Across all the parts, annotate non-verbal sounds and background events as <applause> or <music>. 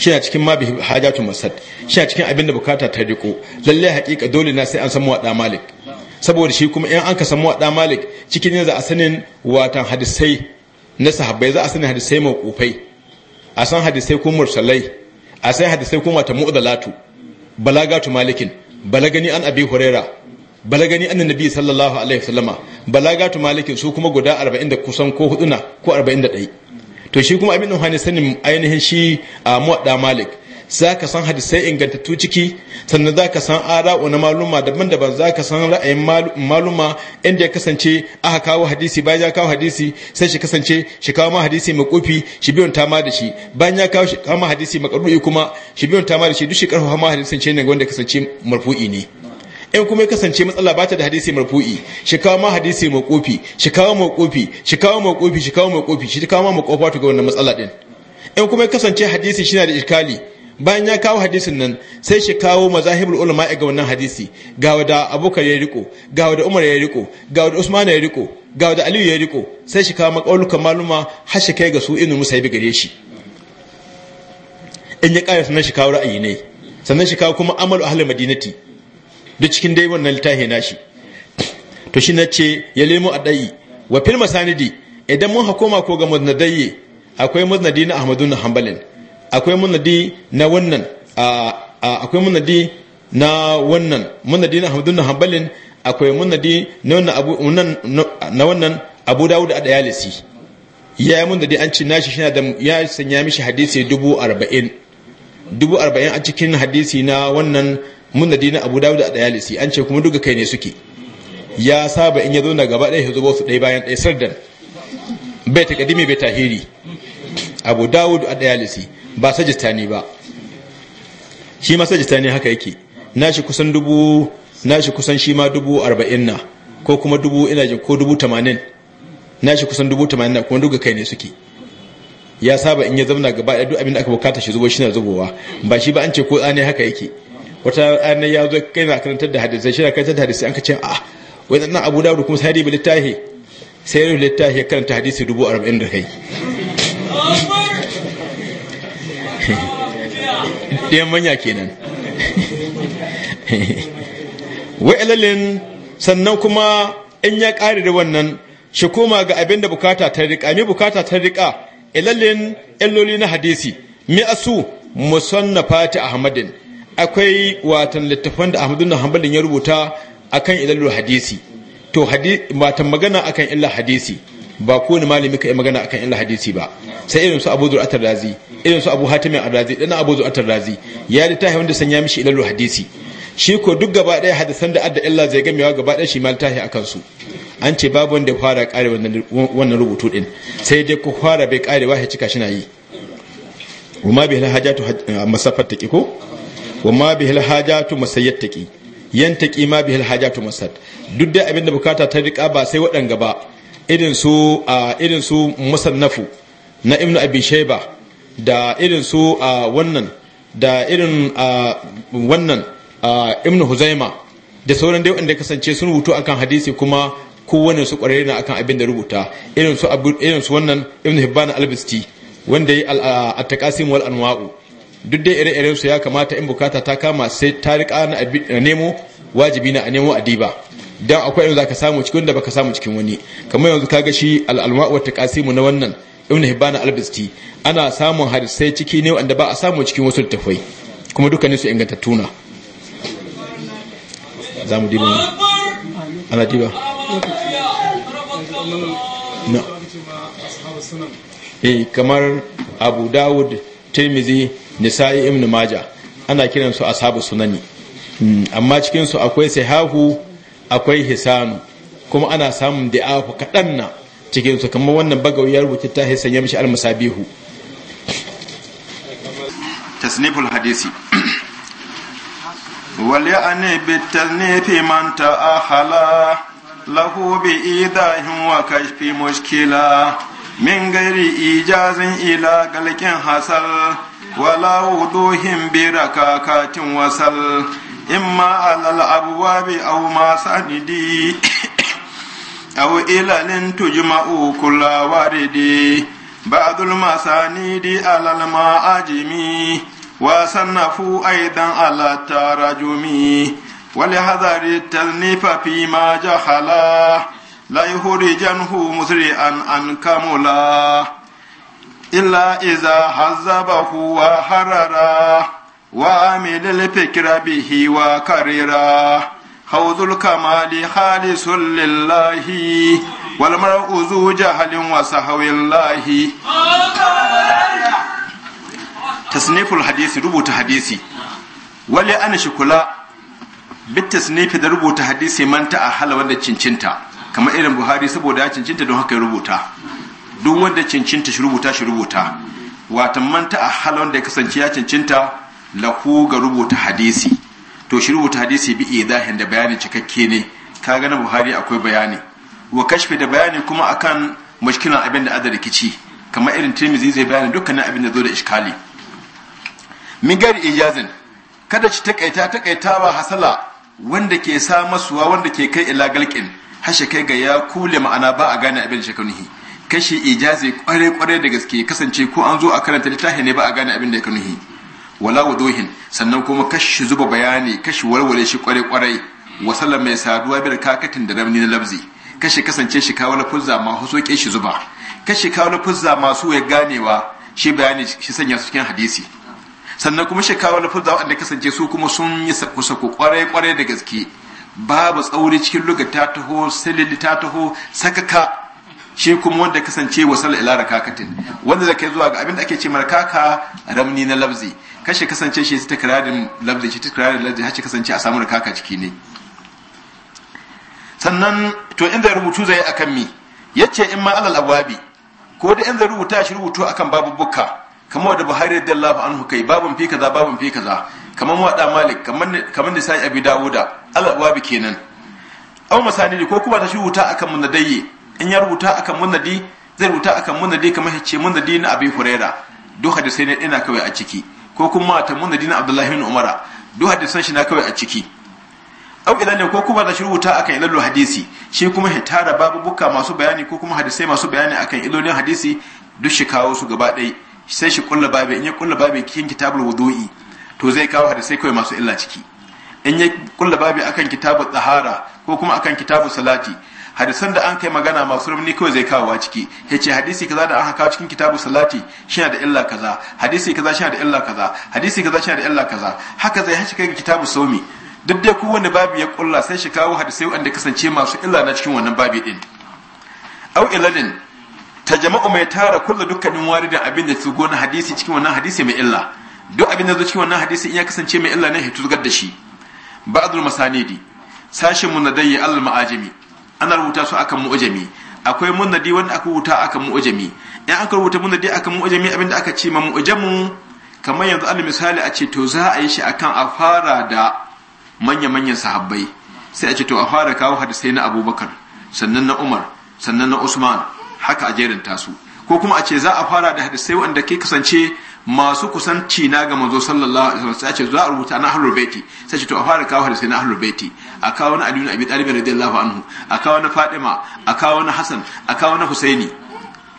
shi na cikin ma bihi hajatu masad shi na cikin abin da bukata ta riko lalle hakika dole na sai an samu wada malik saboda shi kuma in an ka samu wada malik cikin ne za a sanin watan hadisai na sahabbai za a sanin hadisai mawqufai a san hadisai ko mursalai a san hadisai ko wata mu'dalatu balagatu malikin balagani an abi huraira balagani annan nabi sallallahu alaihi wasallama balagatu malikin su kuma guda 40 da kusan ko huduna ko 41 to shi kuma abin hani sanin ainihin shi a muwadda malik za ka san hadisai ingantattu ciki sannan za ka san ara'u na maluma daban-daban za ka san ra'ayin maluma inda ya kasance aka kawo hadisi bayan ya kawo hadisi sai shi kasance shi kawo ma hadisi mai kofi shi ta ma da shi bayan ya kawo shi kawo ma hadisi makaru'i kuma shi ta ma da shi duk shi karfafa ma hadisin ce ne wanda kasance marfu'i ne in kuma ya kasance matsala ba ta da hadisi marfu'i shi kawo ma hadisi mai kofi shi kawo kofi shi kawo kofi shi kawo kofi shi kawo ma ta ga wannan matsala din in kuma ya kasance hadisi shi na da iskali bayan ya kawo hadisin nan sai shi kawo mazahibul ulama ga wannan hadisi ga wada abubakar ya riko ga wada umar ya riko ga wada usman ya riko ga wada aliyu ya riko sai shi kawo makaulukan maluma har shi kai ga su inu musayibi gare shi in ya kare sannan shi kawo ra'ayi ne sannan shi kawo kuma amalu ahlul madinati duk cikin dai wannan littafi nashi to shi nace ya lemo a dai wa fil masanidi idan mun hakoma ko ga musnadai akwai musnadi na Ahmadu na Hanbalin akwai musnadi na wannan akwai musnadi na wannan musnadi na Ahmadu na Hanbalin akwai musnadi na wannan abu na wannan Abu Dawud a Dayalisi ya yi musnadi an ci nashi shi da ya sanya mishi hadisi dubu arba'in dubu arba'in a cikin hadisi na wannan da dinin abu dawud a dayalisi an ce kuma duka kai ne suke ya saba in ya zo na gaba ɗaya ya zubo su ɗaya bayan ɗaya Sardar bai ta kadimi bai tahiri abu dawud a dayalisi ba sajistani ba shi ma sajistani haka yake shi kusan dubu na shi kusan shi ma dubu arba'in na ko kuma dubu ina jin ko dubu tamanin Na shi kusan dubu tamanin na kuma duka kai ne suke ya saba in ya zauna gaba ɗaya duk abin da aka bukata shi zubo shi na zubowa ba shi ba an ce ko tsani haka yake wata ana ya zo kai na karantar da hadisi shi na karantar da hadisi an ka ce a ah, wai nan abu dawud kuma sai da littahi sai da littahi ya karanta hadisi dubu arba'in da kai <laughs> ɗayan manya kenan <laughs> wai alalin sannan kuma in ya ƙari da wannan shi koma ga abin da bukata ta riƙa mi bukata ta riƙa ilalin illoli na hadisi mi asu musannafati ahmadin akwai watan littafan da ahmadu na hambalin ya rubuta akan illar hadisi to watan magana akan illa hadisi ba kowane malami ka yi magana akan illa hadisi ba sai irinsu abu zuwa atar razi irinsu abu hatimi a razi dana abu zuwa atar razi ya da tahi wanda sanya mishi illar hadisi shi ko duk gaba ɗaya hadisan da adda illa zai gamewa gaba ɗaya shi mal tahi akan su an ce babu wanda fara kare wannan rubutu ɗin sai dai ku fara bai wa ya cika shi na yi umma bihal hajjatu masafar ta ƙiko wa ma bihil hajatu masayyataki yantaki ma bihil hajatu masad duk da abin da bukata ta rika ba sai waɗanga ba irin su irin su musannafu na ibnu abi shayba da irin su wannan da irin wannan ibnu huzaima da sauran dai wanda kasance sun rubutu akan hadisi kuma kowane su kwararre na akan abin da rubuta irin su irin su wannan ibnu hibban al-bisti wanda ya al taqasim wal anwa'u duk dai ire-iren su ya kamata in bukata ta kama sai ta rika na nemo wajibi na a nemo adiba dan akwai yanzu zaka samu cikin da baka samu cikin wani kamar yanzu ka ga shi al-alma wa taqasimu na wannan ibn hibban al-bisti ana samun hadisai ciki ne wanda ba a samu cikin wasu tafai kuma dukkanin su ingantattu na zamu diba ana diba na eh kamar abu dawud tirmizi nisa'i ibn maja ana kiransu ashabu sunani hmm, amma cikinsu akwai sahahu akwai hisanu kuma ana samun da'ahu kaɗan na cikinsu kamar wannan bagawiyar rubuta ta hisan ya mishi almasabihu tasniful hadisi وليعني بالتذنيف من تأخلا له wa kashfi muskila. من غير إيجاز إلى قلق حصل ولا وضوح بركاكات وصل إما على الأبواب أو ما سندي أو إلى لن تجمع كل وارد بعض المسانيد على المعاجم وصنفوا أيضا على التراجم ولحذر التذنيف فيما جحلاه la yukhrijanhu musri'an an kamula illa iza hazzabahu wa harara wa amila lfikra bihi wa karira hawzul kamali khalisun lillahi wal mar'u zu halin wa sahwin lahi tasniful hadisi rubuta hadisi wali ana shikula bit tasnifi da rubuta hadisi manta a halwa cincinta kamar irin buhari saboda ya cincinta don haka ya rubuta duk wanda cincinta shi rubuta shi rubuta watan manta a halon da ya kasance ya cincinta lahu ga rubuta hadisi to shi rubuta hadisi bi iya zahen da bayani cikakke ne ka gana buhari akwai bayani wa kashfi da bayani kuma akan mashkilan abin da adada rikici kamar irin tirmizi zai bayani dukkanin abin da zo da iskali min gari ijazin kada ci takaita takaita ba hasala wanda ke sa masuwa wanda ke kai ila galkin. hashe kai ga ya kule ma'ana ba a gane abin da nuhi kashi ijazi kware kware da gaske kasance ko an zo a karanta littafi ne ba a gane abin da ya nuhi wala wuduhin sannan kuma kashi zuba bayani kashi walwale shi kware kware wasala mai saduwa bil kakatin da ramni na labzi kashi kasance shi kawo fuzza ma soke shi zuba kashi kawo lafuzza masu ya ganewa shi bayani shi sanya su cikin hadisi sannan kuma shi kawo fuzza wanda kasance su kuma sun yi sako kwarai kwarai da gaske babu tsauri cikin luga ta taho silili ta taho sakaka shi kuma wanda kasance wasal ila rakakatin wanda zaka zuwa ga abin da ake ce kaka ramni na labzi kashe kasance shi ta kirarin labzi shi ta kirarin labzi har kasance a samu rakaka ciki ne sannan to inda rubutu zai akan mi yace in ma alal abwabi ko da inda rubuta shi rubutu akan babu bukka kamar da buhari radiyallahu anhu kai babun fi kaza babun fi kaza kamar muwadda malik kamar kamar da sai abi dawuda ala bi kenan aw masani ko kuma ta shi rubuta akan munadai in ya rubuta akan munadi zai rubuta akan munadi kamar mun munadi na abi huraira duk hadisai ne ina kawai a ciki ko kuma ta munadi na abdullahi bin umara duk san shi na kawai a ciki aw idan ne ko kuma ta shi rubuta akan ilal hadisi shi kuma hitara babu buka masu bayani ko kuma hadisai masu bayani akan ilolin hadisi duk shi kawo su gaba ɗaya sai shi kulla babi in ya kulla babi cikin kitabul wudu'i to zai kawo sai kawai masu illa ciki in ya kulla babi akan kitabul tsahara ko kuma akan kitabul salati hadisan da an kai magana masu rauni kawai zai kawo ciki ya ce hadisi kaza da aka kawo cikin kitabu salati shi da illa kaza hadisi kaza shi da illa kaza hadisi kaza shi da illa kaza haka zai hashi kai kitabu sawmi duk dai kowane babi ya kulla sai shi kawo hadisai wanda kasance masu illa na cikin wannan babi din au iladin ta jama'u mai tara kullu dukkanin waridin abin da su gona hadisi cikin wannan hadisi mai illa duk abin da zo cikin wannan hadisi in ya kasance mai illa ne ya turgar da shi ba'dul masanidi sashin munadai al ma'ajimi ana rubuta su akan mu'jami akwai munadi wanda aka rubuta akan mu'jami in aka rubuta munadi akan mu'jami abin da aka ce ma mu'ajamu kamar yanzu al misali a ce to za a yi shi akan a fara da manya-manyan sahabbai sai a ce to a fara kawo hadisai na abubakar sannan na umar sannan na usman haka a jerin tasu ko kuma a ce za a fara da hadisai wanda ke kasance masu kusanci na ga manzo sallallahu alaihi wasallam sai ce za a rubuta na ahlul baiti sai ce to a fara kawo hadisai na ahlul baiti a kawo na aliyu abi talib radiyallahu anhu a kawo na fatima a kawo na hasan a kawo na husaini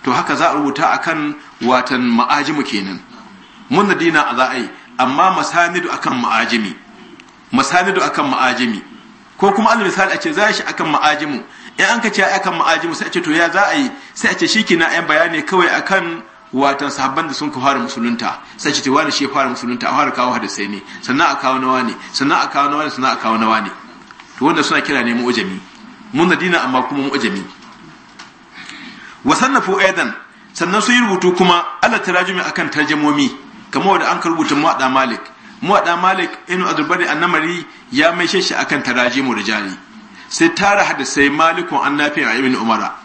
to haka za a rubuta akan watan ma'ajimu kenan mun da dina a za'ai amma masanidu akan ma'ajimi masanidu akan ma'ajimi ko kuma al misali a ce za shi akan ma'ajimu in an ka ce akan ma'ajimu sai a ce to ya za a yi sai a ce shi na yan bayani kawai a kan watan sahabban da sun ka fara musulunta sai ce wani shi fara musulunta a fara kawo hadisai ne sannan a kawo nawa ne sannan a kawo nawa ne sannan a kawo nawa ne to wanda suna kira ne mu'ujami mun na dina amma kuma mu'ujami wa sannafu aidan sannan sun yi rubutu kuma ala tarajumi akan tarjamomi kamar wanda an ka rubuta da malik da malik inu adubari annamari ya mai shi akan tarajimu rijali sai tara hadisai malikun annafi a ibn umara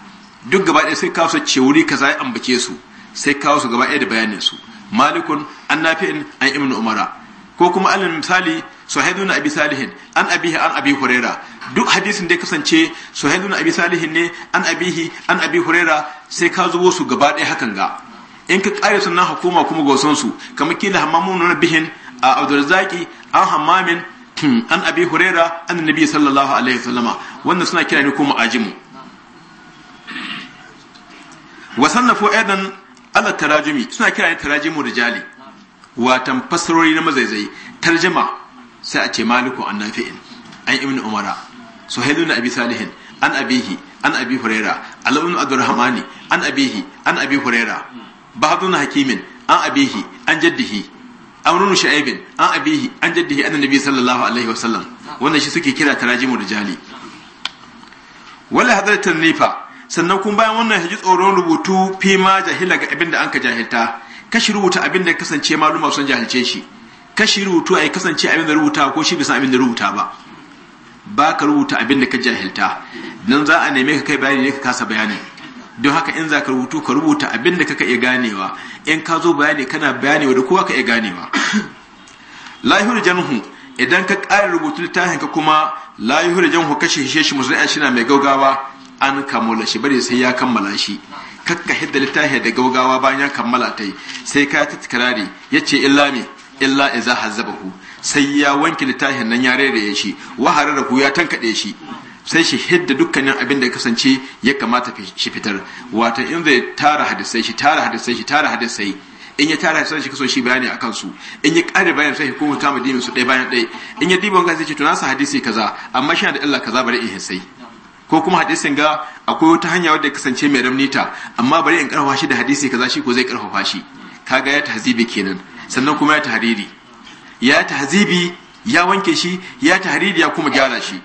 duk gaba ɗaya sai kawo su ce wuri kaza ya ambace su sai kawo su gaba ɗaya da bayanin su malikun annafi an ibn umara ko kuma alin misali na abi salihin an abihi an abi hurera duk hadisin da ya kasance na abi salihin ne an abihi an abi hurera sai ka zubo su gaba ɗaya hakan ga in ka ƙare sunan hukuma kuma gosonsu su kamar kila hammamun bihin a abdulzaki an hamamin. Hmm. an abi huraira an nabi sallallahu alaihi wasallama wannan suna kira ne kuma ajimu wa sannafu aidan ala tarajumi suna kira ne tarajimu rijali watan fasarori na mazaizai tarjama sai a ce maliku an an ibnu umara suhailu na abi salihin an abihi an abi huraira alamun abdurrahmani an abihi an abi huraira bahadun hakimin an abihi an jaddihi amrun sha'ibin an abihi an jaddihi nabi sallallahu alaihi wasallam wannan shi suke kira tarajimu jali. wala hadratan nifa sannan kun bayan wannan haji tsoron rubutu fi ma jahila ga abin da anka jahilta kashi rubuta abin da kasance maluma sun jahilce shi kashi rubutu ai kasance abin rubuta ko shi bisa abin da rubuta ba ba ka rubuta abinda ka jahilta nan za a neme ka kai bayani ne ka kasa bayani don haka in za ka rubutu ka rubuta abin da kaka iya ganewa in ka zo bayani kana bayanewa da kowa ka iya ganewa <coughs> lahir janhu idan ka ƙara rubutu littafin ka kuma lahir janhu kashe hishe shi musulmi shi na mai gaugawa an kammala shi bari sai ya kammala shi kakka hidda littafin da gaugawa bayan ya kammala ta sai ka ta tikrari ya ce illa me illa iza hazzabahu sai ya wanke littafin nan ya rere shi ku ya tankaɗe shi sai shi hidda dukkanin abin da kasance ya kamata shi fitar wato in zai tara hadisai shi tara hadisai shi tara hadisai in ya tara hadisai shi kaso shi bayani akan su in ya ƙara bayan sai hukumar ta madinin su ɗaya bayan ɗaya in ya diba gasi sai ce to nasa hadisi kaza amma shi da Allah kaza bari in hisai ko kuma hadisin ga akwai wata hanya wadda kasance mai ramni ta amma bari in karfafa shi da hadisi kaza shi ko zai karfafa shi kaga ya tahzibi kenan sannan kuma ya tahriri ya tahzibi ya wanke shi ya tahriri ya kuma gyara shi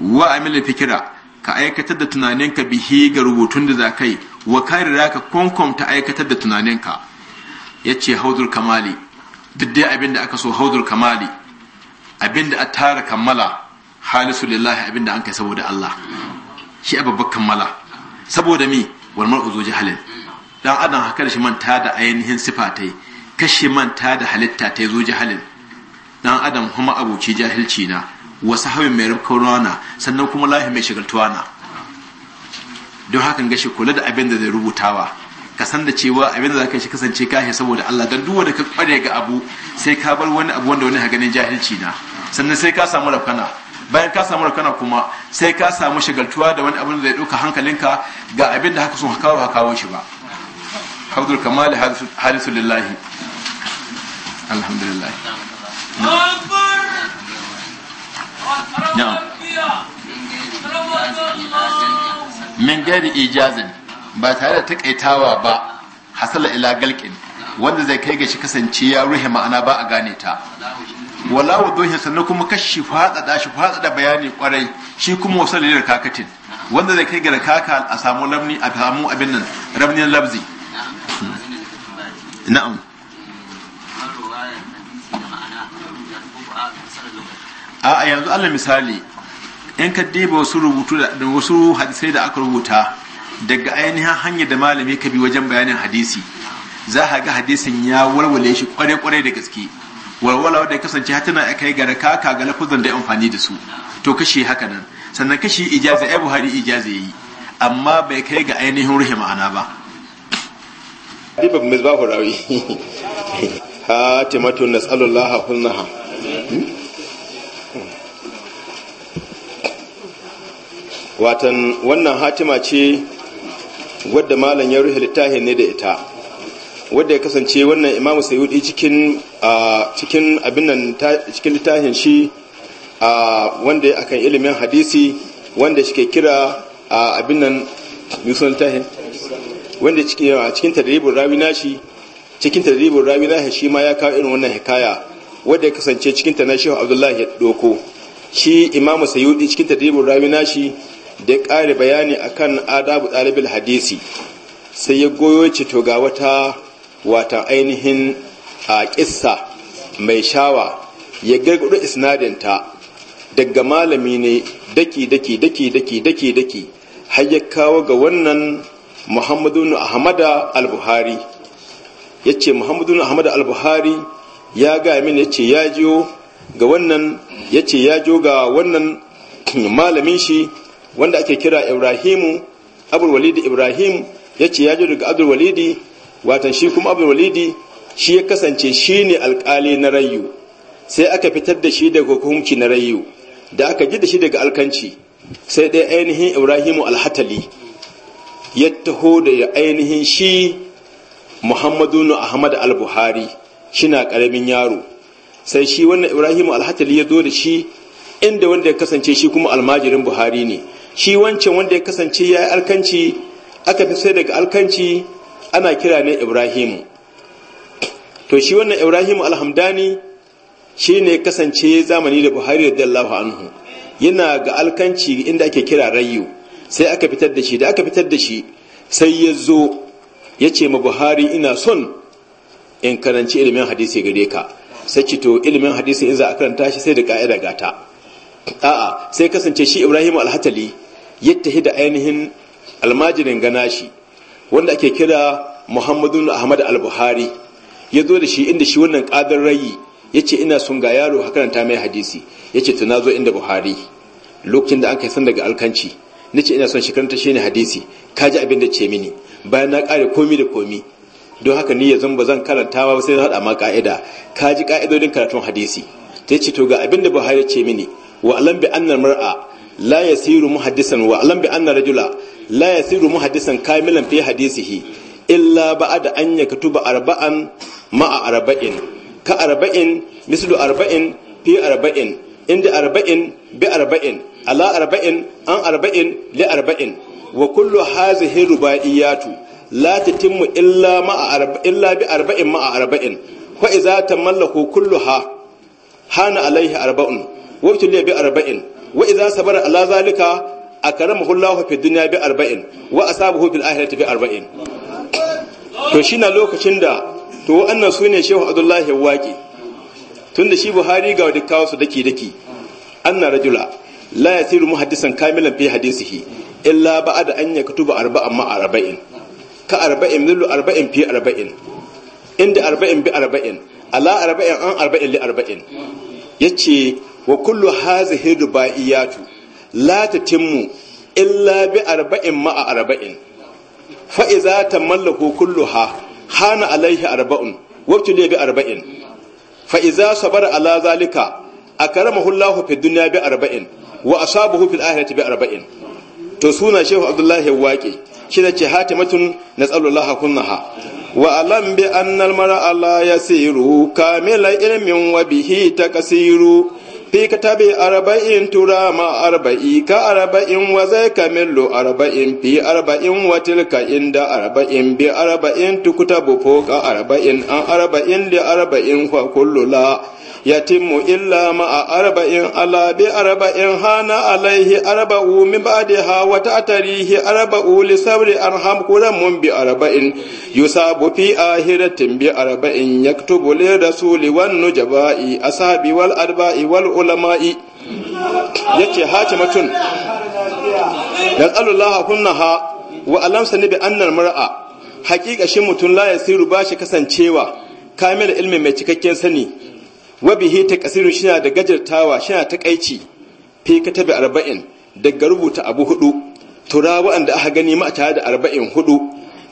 wa amila fikira ka aikatar da tunaninka bihi ga rubutun da zakai wa karira ka ta aikatar da tunaninka yace haudul kamali duk dai abin da aka so haudul kamali abin da a tara kammala halisu lillahi abin da an kai saboda Allah shi a babbar kammala saboda mi wal mar'u zuji halin dan adam haka da shi manta da ainihin sifatai kashi manta da halitta ta zuji halin. dan adam kuma abuci jahilci na wasu hawin mai rufkar rana sannan kuma lahi mai shigaltuwa na don hakan gashi kula da abin da zai rubutawa ka san da cewa abin da za ka shi kasance kashi saboda Allah don duwa da ka kware ga abu sai ka bar wani abu wanda wani haganin jahilci na sannan sai ka samu rafkana bayan ka samu rafkana kuma sai ka samu shigaltuwa da wani abin da zai ɗauka hankalinka ga abin da haka sun hakawo hakawo shi ba abdul kamali halisu alhamdulillah na'am min gari ijazin ba tare da takaitawa ba hasala ila galkin, wanda zai kai ga shi kasance ya ruhe ma'ana ba a gane ta wala wuduhi sannan kuma kashi da shi da bayani kwarai shi kuma wasu da kakatin wanda zai kai ga kaka a samu lamni a samu abin nan rabnin labzi na'am a yanzu allah misali in ka diba wasu rubutu da wasu hadisai da aka rubuta daga ainihin hanya da malami ka bi wajen bayanin hadisi za ka ga hadisin ya walwale shi kware-kware da gaske walwala da kasance har tana kai ga raka ka ga lafuzan da amfani da su to kashi haka nan sannan kashi ijaza ya buhari ijaza yi amma bai kai ga ainihin ruhi ma'ana ba dibab misbahu rawi <laughs> ha timatun nas'alullaha kullaha watan wannan hatima ce wadda malam ya ruhe littafin ne da ita wadda ya kasance wannan imamu sayudi cikin cikin abin nan cikin littafin shi wanda akan ilimin hadisi wanda shi ke kira abin nan yusun littafin wanda cikin tadribin rawi shi cikin tadribin rawi na shi ma ya kawo irin wannan hikaya wadda ya kasance cikin ta na shehu abdullahi doko shi imamu sayudi cikin tadribin rawi shi. da ya ƙari bayani akan adabu ɗalibin hadisi sai ya goyo ce to ga wata watan ainihin a ƙissa mai shawa ya gargado isnadinta daga malami ne daki daki daki daki daki daki har ya kawo ga wannan muhammadu ahmada al-buhari ya ce muhammadu ahmada al-buhari ya gaya min ya ce ya jiyo ga wannan ya ce ya jo ga wannan malamin shi wanda ake kira ibrahimu abul ibrahim ya ce ya ji daga abul watan shi kuma abul shi ya kasance shi ne alkali na rayu sai aka fitar da shi daga hukunci na rayu da aka ji da shi daga alkanci sai dai ainihin ibrahimu alhatali ya taho da ainihin shi muhammadu ahmad al-buhari shina ƙaramin yaro sai shi wannan ibrahimu alhatali ya zo da shi inda wanda ya kasance shi kuma almajirin buhari ne shi wancan wanda ya kasance ya alkanci aka fi sai daga alkanci ana kira ne ibrahimu to shi wannan ibrahimu alhamdani shi ne kasance zamani da buhari da Dallahu anhu yana ga alkanci inda ake kira rayu sai aka fitar da shi da aka fitar da shi sai ya zo ya ce ma buhari ina son in karanci ilimin hadisi gare ka sai to ilimin hadisi in za a karanta shi sai da ka'ida gata a'a sai kasance shi ibrahim alhatali ya tahi da ainihin almajirin gana shi. wanda ake kira muhammadun ahmad al-buhari ya zo da shi inda shi wannan kadar rayi ya ce ina son ga yaro hakaranta mai hadisi ya ce tana zo inda buhari lokacin da an kai san daga alkanci na ce ina son shi karanta shi ne hadisi ka ji abin da ce mini bayan na kare komi da komi don haka ni yanzu ba zan karanta ba sai na hada ma ka'ida ka ji ka'idodin karatun hadisi ta ce to ga abin da buhari ce mini wa alam bi anna mar'a la yasiru muhaddisan wa alam bi anna rajula la yasiru muhaddisan kamilan fi hadisihi illa ba'da an yaktuba arba'an ma'a arba'in ka arba'in mislu arba'in fi arba'in inda arba'in bi arba'in ala arba'in an arba'in li arba'in wa kullu hazihi rubaiyatu la tatimmu illa ma'a illa bi arba'in ma'a arba'in fa idza tamallaku kulluha hana alaihi arba'un wabtuli bi arba'in wa idza sabara ala zalika akramahu Allahu fi dunya bi arba'in wa asabahu fil akhirati bi arba'in to shi na lokacin da to wannan su ne shehu abdullahi waƙi tunda shi buhari ga wadda kawo su daki daki anna rajula la yasiru muhaddisan kamilan fi hadisihi illa ba'ada an yaktuba arba'an ma arba'in ka arba'in millu arba'in fi arba'in inda arba'in bi arba'in ala arba'in an arba'in li arba'in yace wa kullu hazihi dubaiyatu la tatimmu illa bi arba'in ma'a arba'in fa idza tamallaku kulluha hana alaihi arba'un wa bi arba'in fa idza sabara ala zalika akramahu Allahu fid dunya bi arba'in wa asabahu fil akhirati bi arba'in to suna shehu abdullahi waqi shi ne ce hatimatun nas'alullaha kunnaha wa alam bi al mar'a la yasiru kamila ilmin wa bihi takasiru fi kitabi arba'in turama arba'i ka arba'in wa zai kamillu arba'in fi arba'in wa tilka inda arba'in bi arba'in tukutabu foka arba'in an arba'in da arba'in fa la yatimmu illa ma'a arba'in ala bi arba'in hana alaihi arba'u min ba'daha wa ta'tarihi arba'u li sabri arham kuram mun bi arba'in yusabu fi ahiratin bi arba'in yaktubu li rasuli wan nujaba'i ashabi wal arba'i wal ulama'i yace hakimatun nas'alullah kunnaha wa alamsa ni bi annal mar'a haqiqa shi mutun la yasiru ba shi kasancewa kamil ilmi mai cikakken sani wa bihi kasirin shi da gajartawa ta kaici fi katabi arba'in daga rubuta abu hudu tura wa'anda aka gani ma tare da arba'in hudu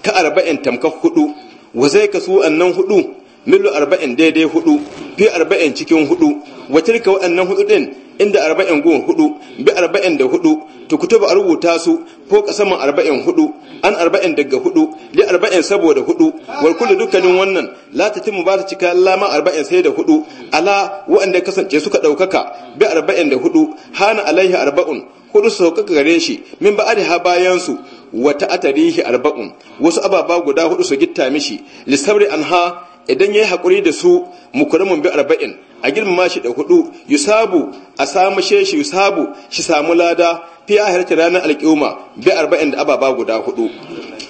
ka arba'in tamka hudu wa zai kasu annan hudu millu arba'in daidai hudu fi arba'in cikin hudu wa tilka waɗannan hudu din inda arba'in goma hudu bi arba'in da hudu ta kutuba a rubuta su ko kasaman arba'in hudu an arba'in daga hudu li arba'in saboda hudu wal kullu dukkanin wannan la mu ba ta cika lama arba'in sai da hudu ala waɗanda kasance suka ɗaukaka bi arba'in da hudu hana alaihi arba'un hudu su sauƙaƙa gare shi min ba ha bayan su wata atarihi arba'un wasu ababa guda hudu su gitta mishi lisabri anha idan ya yi hakuri da su mukuramun bi arba'in a girmama shi da hudu yusabu a samu sheshi yusabu shi samu lada fi ahirci ranar alƙiyuma bi arba'in da ababa guda hudu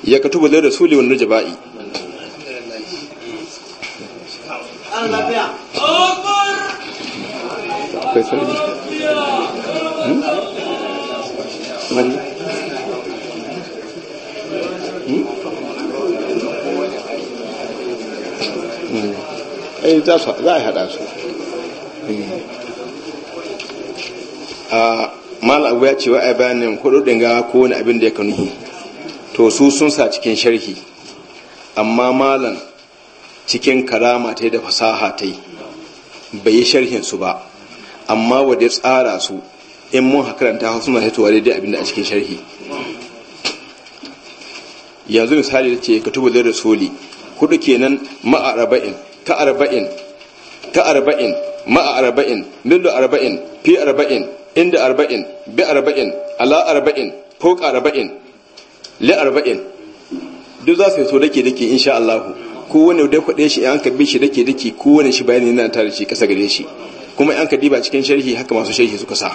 ya katu katubu zai suli wani jaba'i hmm? Hmm? Hmm. za a haɗa su a mala abu ya ce wa bayanin kudin ga ko wani abin da ya kanu to su sun sa cikin sharhi amma malan cikin karama ta da fasaha ta bai yi sharhin su ba amma wadda ya tsara su in mun hakaranta suna hitowa daidai abin da a cikin sharhi yanzu misali da ce ka tuba da rasuli kudu kenan ma arba'in ka arba'in ka arba'in ma'a arba'in millu arba'in fi arba'in inda arba'in bi arba'in ala arba'in fok arba'in li arba'in duk za su yi so dake dake insha Allahu kowane da kwaɗe shi in ka bi shi dake dake kowane shi bayani yana tare shi kasa gare shi kuma an ka diba cikin sharhi haka masu sharhi suka sa